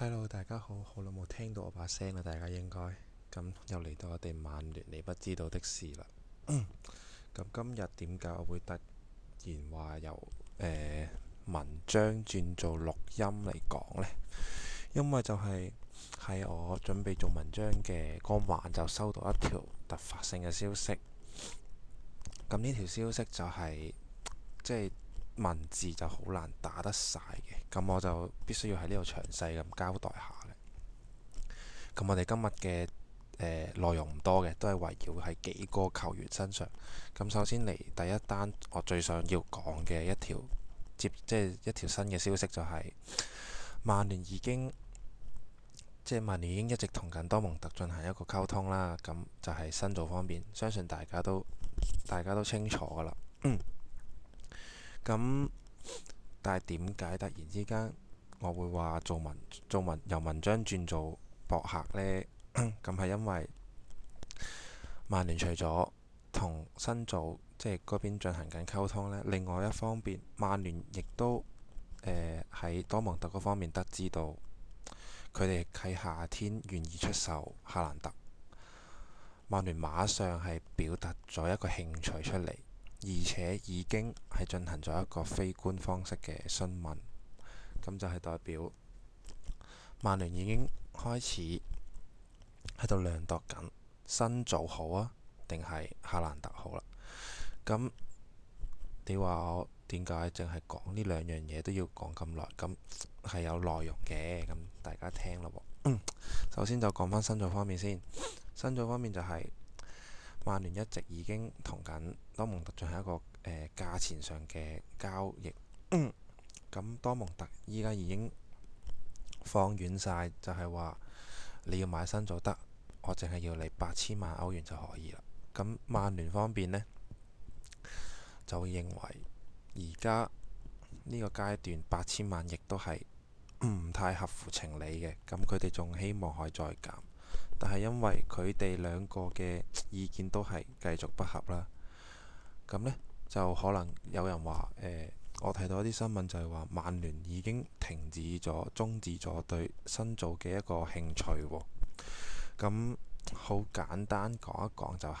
Hello 大家好，好耐冇聽到我把聲啦，大家應該咁又嚟到我哋曼聯你不知道的事啦。咁 今日點解我會突然話由誒、呃、文章轉做錄音嚟講呢？因為就係、是、喺我準備做文章嘅當晚，就收到一條突發性嘅消息。咁呢條消息就係、是、即係。文字就好難打得晒嘅，咁我就必須要喺呢度詳細咁交代下咧。咁我哋今日嘅誒內容唔多嘅，都係圍繞喺幾個球員身上。咁首先嚟第一單，我最想要講嘅一條接即係一條新嘅消息，就係，就係曼聯已經即係曼聯已經一直同緊多蒙特進行一個溝通啦。咁就係新造方面，相信大家都大家都清楚㗎喇。嗯咁，但係點解突然之間我會話做文做文由文章轉做博客呢？咁係 因為曼聯除咗同新組即係嗰邊進行緊溝通呢，另外一方面，曼聯亦都喺、呃、多蒙特嗰方面得知到佢哋喺夏天願意出售夏蘭特，曼聯馬上係表達咗一個興趣出嚟。而且已經係進行咗一個非官方式嘅詢問，咁就係代表曼聯已經開始喺度量度緊，新造好啊，定係哈蘭特好啦，啊？咁你話我點解淨係講呢兩樣嘢都要講咁耐？咁係有內容嘅，咁大家聽咯喎、嗯。首先就講返新造方面先，新造方面就係、是。曼聯一直已經同緊多蒙特進行一個誒、呃、價錢上嘅交易，咁、嗯、多蒙特依家已經放軟晒，就係話你要買新就得，我淨係要你八千萬歐元就可以啦。咁曼聯方面呢，就會認為而家呢個階段八千萬亦都係唔太合乎情理嘅，咁佢哋仲希望可以再減。但係因為佢哋兩個嘅意見都係繼續不合啦，咁呢就可能有人話誒、呃，我睇到一啲新聞就係話，曼聯已經停止咗中止咗對新造嘅一個興趣喎，哦。咁好簡單講一講，就是，就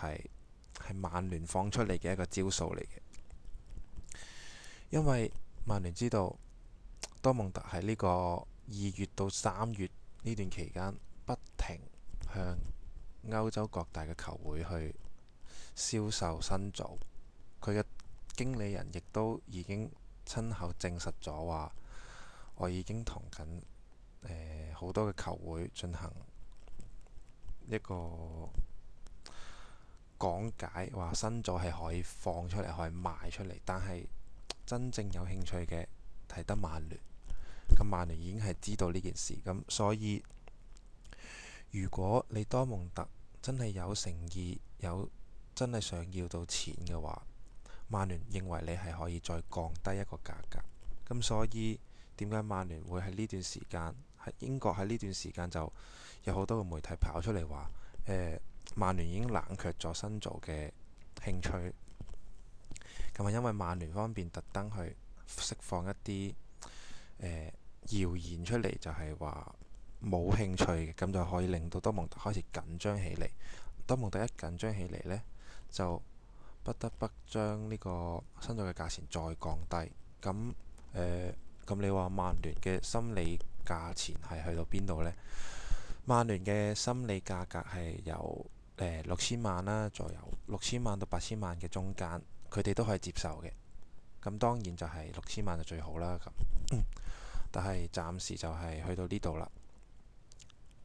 係係曼聯放出嚟嘅一個招數嚟嘅，因為曼聯知道多蒙特喺呢個二月到三月呢段期間，向歐洲各大嘅球會去銷售新組，佢嘅經理人亦都已經親口證實咗話，我已經同緊誒好多嘅球會進行一個講解，話新組係可以放出嚟，可以賣出嚟。但係真正有興趣嘅係得曼聯，咁曼聯已經係知道呢件事，咁所以。如果你多蒙特真係有誠意，有真係想要到錢嘅話，曼聯認為你係可以再降低一個價格。咁所以點解曼聯會喺呢段時間喺英國喺呢段時間就有好多嘅媒體跑出嚟話，誒、呃、曼聯已經冷卻咗新造嘅興趣。咁啊，因為曼聯方面特登去釋放一啲誒、呃、謠言出嚟，就係話。冇興趣嘅，咁就可以令到多蒙特開始緊張起嚟。多蒙特一緊張起嚟呢，就不得不將呢個新作嘅價錢再降低。咁誒咁，呃、你話曼聯嘅心理價錢係去到邊度呢？曼聯嘅心理價格係由誒、呃、六千萬啦，左右六千萬到八千萬嘅中間，佢哋都可以接受嘅。咁當然就係六千萬就最好啦。咁，但係暫時就係去到呢度啦。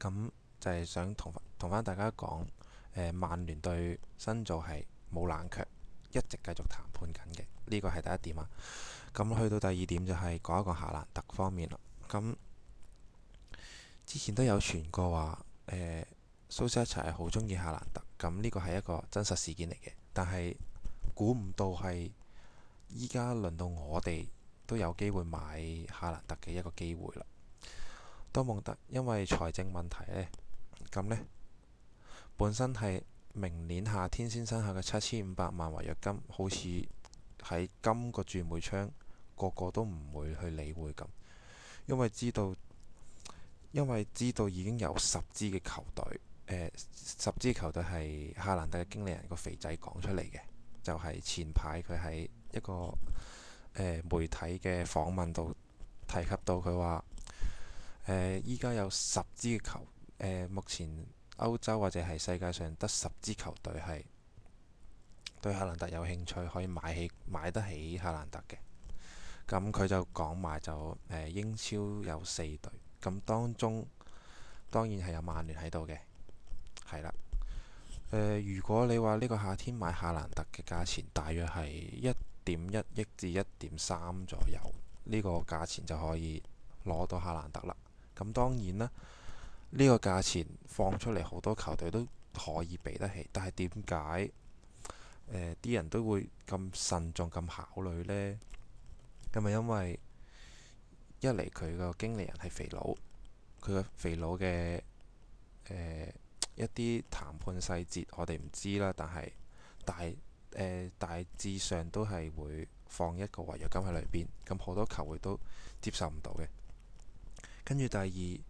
咁就係想同翻同翻大家講，誒、呃，曼聯隊新造係冇冷卻，一直繼續談判緊嘅，呢個係第一點啊。咁去到第二點就係講一個夏蘭特方面啦。咁之前都有傳過話，誒、呃，蘇斯徹係好中意夏蘭特，咁呢個係一個真實事件嚟嘅。但係估唔到係依家輪到我哋都有機會買夏蘭特嘅一個機會啦。多蒙特因為財政問題咧，咁咧本身係明年夏天先生效嘅，七千五百萬違約金，好似喺今個轉會窗，個個都唔會去理會。咁，因為知道，因為知道已經有十支嘅球隊，誒、呃、十支球隊係哈蘭特嘅經理人個肥仔講出嚟嘅，就係、是、前排佢喺一個誒、呃、媒體嘅訪問度提及到佢話。誒，依家、呃、有十支球誒、呃，目前歐洲或者係世界上得十支球隊係對夏蘭特有興趣，可以買起買得起夏蘭特嘅。咁佢就講埋就誒、呃，英超有四隊，咁當中當然係有曼聯喺度嘅，係啦。誒、呃，如果你話呢個夏天買夏蘭特嘅價錢，大約係一點一億至一點三左右，呢、呢個價錢就可以攞到夏蘭特啦。咁當然啦，呢個價錢放出嚟，好多球隊都可以俾得起。但係點解啲人都會咁慎重咁考慮呢？咁咪因為一嚟佢個經理人係肥佬，佢個肥佬嘅、呃、一啲談判細節我哋唔知啦，但係大、呃、大致上都係會放一個違約金喺裏邊。咁好多球會都接受唔到嘅。跟住第二，誒、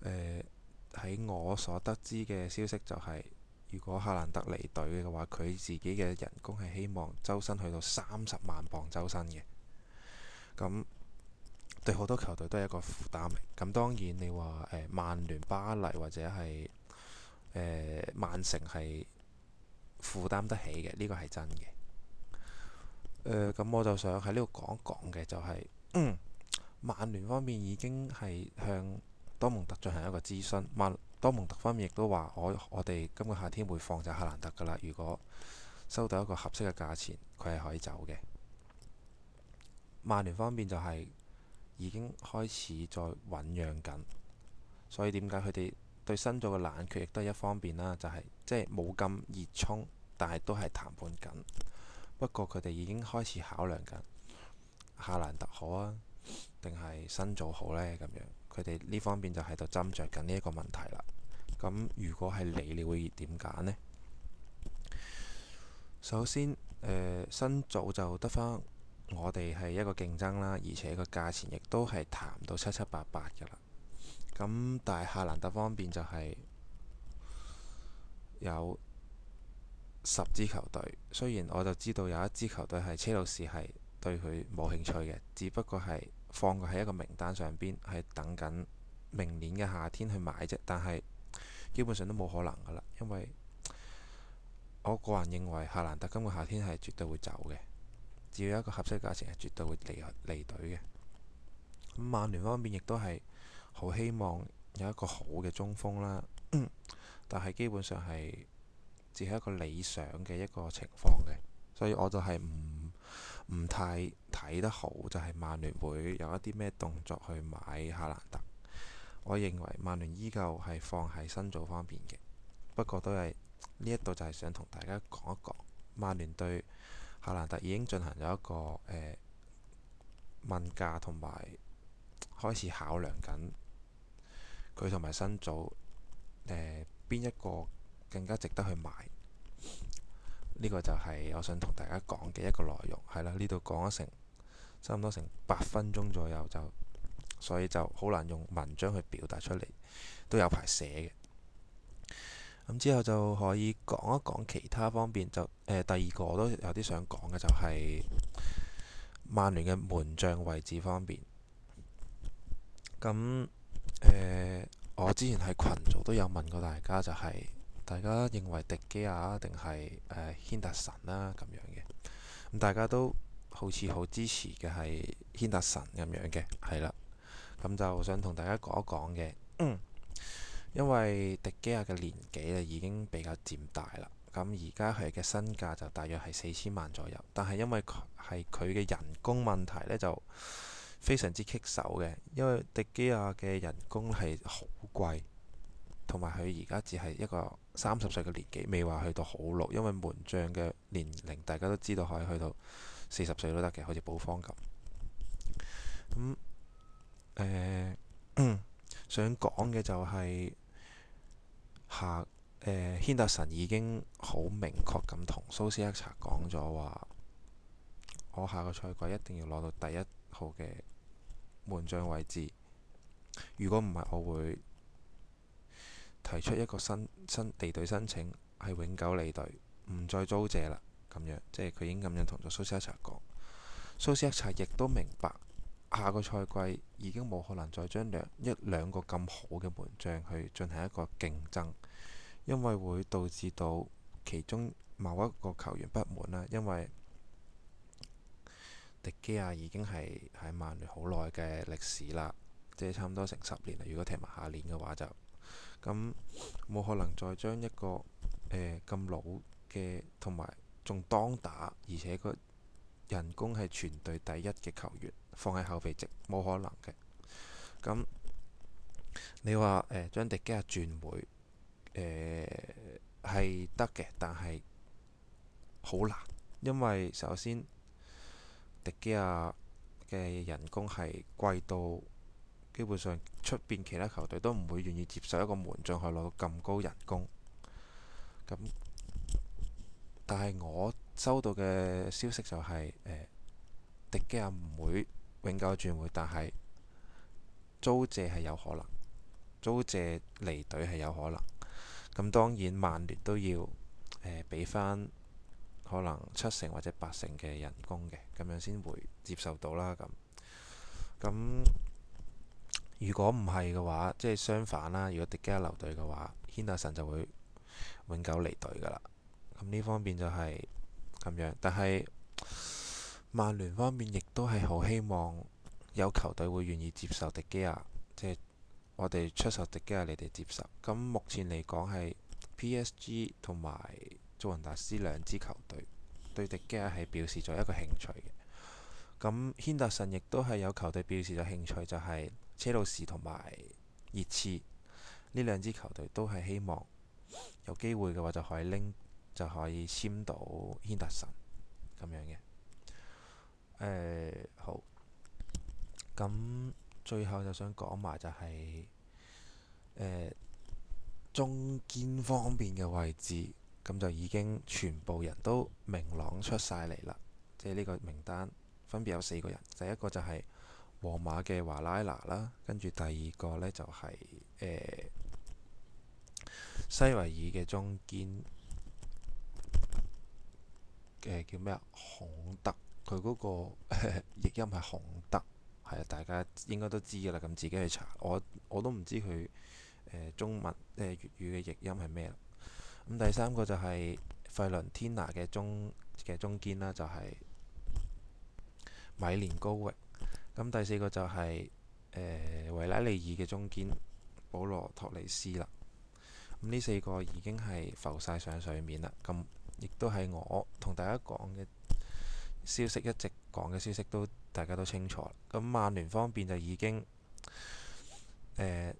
呃、喺我所得知嘅消息就係、是，如果哈蘭德離隊嘅話，佢自己嘅人工係希望周身去到三十萬磅周身嘅，咁對好多球隊都係一個負擔。咁當然你話誒、呃、曼聯、巴黎或者係誒、呃、曼城係負擔得起嘅，呢、這個係真嘅。誒、呃、咁我就想喺呢度講一講嘅就係、是、嗯。曼聯方面已經係向多蒙特進行一個諮詢，曼多蒙特方面亦都話：我我哋今個夏天會放走哈蘭特㗎啦。如果收到一個合適嘅價錢，佢係可以走嘅。曼聯方面就係已經開始在醞釀緊，所以點解佢哋對新造嘅冷卻亦都係一方面啦？就係、是、即係冇咁熱衷，但係都係談判緊。不過佢哋已經開始考量緊哈蘭特，好啊！定係新組好呢？咁樣佢哋呢方面就喺度斟酌緊呢一個問題啦。咁如果係你，你會點揀呢？首先，誒、呃、新組就得翻我哋係一個競爭啦，而且個價錢亦都係談到七七八八噶啦。咁但係夏蘭特方面就係有十支球隊，雖然我就知道有一支球隊係車路士係對佢冇興趣嘅，只不過係。放佢喺一個名單上邊，係等緊明年嘅夏天去買啫。但係基本上都冇可能噶啦，因為我個人認為夏蘭特今個夏天係絕對會走嘅。只要有一個合適嘅價錢，係絕對會離離隊嘅。咁曼聯方面亦都係好希望有一個好嘅中鋒啦，但係基本上係只係一個理想嘅一個情況嘅，所以我就係唔。唔太睇得好，就係、是、曼聯會有一啲咩動作去買哈蘭特。我認為曼聯依舊係放喺新組方面嘅，不過都係呢一度就係想同大家講一講，曼聯對哈蘭特已經進行咗一個誒、呃、問價同埋開始考量緊佢同埋新組誒邊、呃、一個更加值得去買。呢個就係我想同大家講嘅一個內容，係啦，呢度講咗成，差唔多成八分鐘左右就，所以就好難用文章去表達出嚟，都有排寫嘅。咁、嗯、之後就可以講一講其他方面，就誒、呃、第二個我都有啲想講嘅就係、是、曼聯嘅門將位置方面。咁、嗯、誒、呃，我之前喺群組都有問過大家，就係、是。大家認為迪基亞定係誒軒達臣啦咁樣嘅，咁大家都好似好支持嘅係軒達臣咁樣嘅，係啦，咁就想同大家講一講嘅、嗯，因為迪基亞嘅年紀啊已經比較佔大啦，咁而家佢嘅身價就大約係四千萬左右，但係因為係佢嘅人工問題呢，就非常之棘手嘅，因為迪基亞嘅人工係好貴。同埋佢而家只係一個三十歲嘅年紀，未話去到好老，因為門將嘅年齡大家都知道可以去到四十歲都得嘅，好似保方咁。咁、嗯、誒、呃、想講嘅就係、是、下誒軒達臣已經好明確咁同蘇斯克查講咗話，我下個賽季一定要攞到第一號嘅門將位置。如果唔係，我會提出一個申申離隊申請，係永久離隊，唔再租借啦。咁樣，即係佢已經咁樣同咗蘇斯亞查講，蘇斯亞查亦都明白下個賽季已經冇可能再將兩一兩個咁好嘅門將去進行一個競爭，因為會導致到其中某一個球員不滿啦。因為迪基亞已經係喺曼聯好耐嘅歷史啦，即係差唔多成十年啦。如果踢埋下年嘅話就。咁冇可能再將一個咁、呃、老嘅同埋仲當打，而且個人工係全隊第一嘅球員放喺後備席，冇可能嘅。咁你話誒、呃、將迪基亞轉會誒係得嘅，但係好難，因為首先迪基亞嘅人工係貴到～基本上出邊其他球隊都唔會願意接受一個門將去攞到咁高人工，咁，但係我收到嘅消息就係、是、誒，迪基亞唔會永久轉會，但係租借係有可能，租借離隊係有可能。咁當然曼聯都要誒俾翻可能七成或者八成嘅人工嘅，咁樣先會接受到啦。咁，咁。如果唔係嘅話，即係相反啦。如果迪基亞留隊嘅話，軒達臣就會永久離隊噶啦。咁呢方面就係咁樣，但係曼聯方面亦都係好希望有球隊會願意接受迪基亞，即係我哋出售迪基亞，你哋接受。咁目前嚟講，係 P.S.G. 同埋祖雲達斯兩支球隊對迪基亞係表示咗一個興趣嘅。咁軒達臣亦都係有球隊表示咗興趣，就係、是。車路士同埋熱刺呢兩支球隊都係希望有機會嘅話，就可以拎，就可以簽到軒達臣咁樣嘅。誒、呃、好，咁最後就想講埋就係、是、誒、呃、中堅方面嘅位置，咁就已經全部人都明朗出晒嚟啦。即係呢個名單分別有四個人，第一個就係、是。皇馬嘅華拉拿啦，跟住第二個呢就係、是、誒、呃、西維爾嘅中堅嘅、呃、叫咩啊？孔德，佢嗰、那個、呃、譯音係孔德，係啊，大家應該都知㗎啦，咁自己去查。我我都唔知佢、呃、中文誒粵、呃、語嘅譯音係咩啦。咁第三個就係費倫天拿嘅中嘅中堅啦，就係、是、米連高域。咁第四個就係誒維拉利爾嘅中堅，保羅托尼斯啦。咁呢四個已經係浮晒上水面啦。咁亦都係我同大家講嘅消息，一直講嘅消息都大家都清楚。咁曼聯方面就已經誒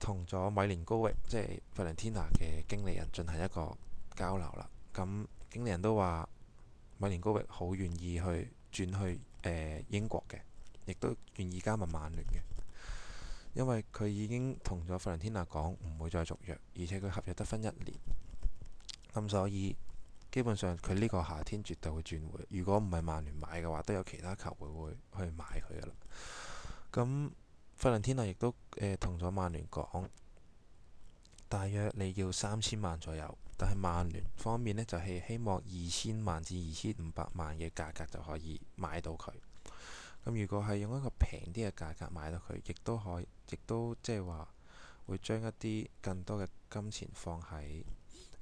同咗米連高域即係佛蘭天拿嘅經理人進行一個交流啦。咁經理人都話米連高域好願意去轉去、呃、英國嘅。亦都願意加盟曼聯嘅，因為佢已經同咗費倫天拿講唔會再續約，而且佢合約得分一年。咁所以基本上佢呢個夏天絕對會轉會。如果唔係曼聯買嘅話，都有其他球會會去買佢噶啦。咁費倫天拿亦都誒同咗曼聯講，大約你要三千萬左右，但係曼聯方面呢，就係希望二千萬至二千五百萬嘅價格就可以買到佢。咁如果係用一個平啲嘅價格買到佢，亦都可以，亦都即係話會將一啲更多嘅金錢放喺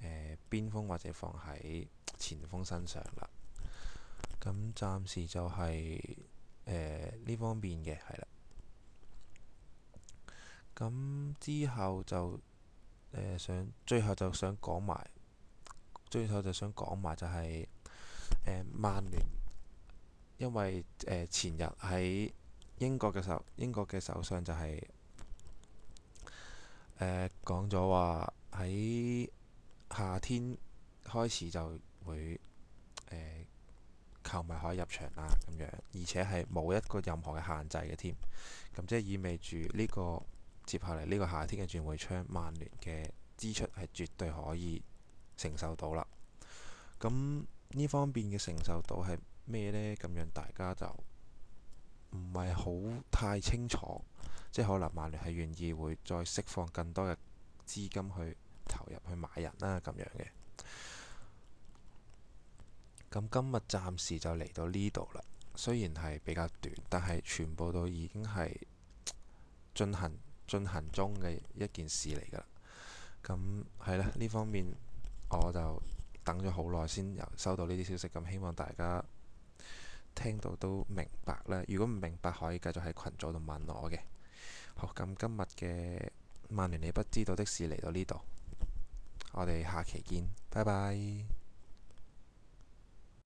誒邊鋒或者放喺前鋒身上啦。咁暫時就係誒呢方面嘅係啦。咁之後就誒想最後就想講埋，最後就想講埋就係誒曼聯。呃因為誒、呃、前日喺英國嘅首英國嘅首相就係誒講咗話喺夏天開始就會誒、呃、球迷可以入場啦，咁樣而且係冇一個任何嘅限制嘅添，咁即係意味住呢、呢個接下嚟呢個夏天嘅轉會窗，曼聯嘅支出係絕對可以承受到啦。咁呢方面嘅承受到係。咩呢？咁樣大家就唔係好太清楚，即係可能曼聯係願意會再釋放更多嘅資金去投入去買人啦。咁樣嘅咁今日暫時就嚟到呢度啦。雖然係比較短，但係全部都已經係進行進行中嘅一件事嚟噶喇。咁係啦，呢方面我就等咗好耐先有收到呢啲消息，咁希望大家。聽到都明白啦，如果唔明白可以繼續喺群組度問我嘅。好，咁今日嘅曼聯你不知道的事嚟到呢度，我哋下期見，拜拜。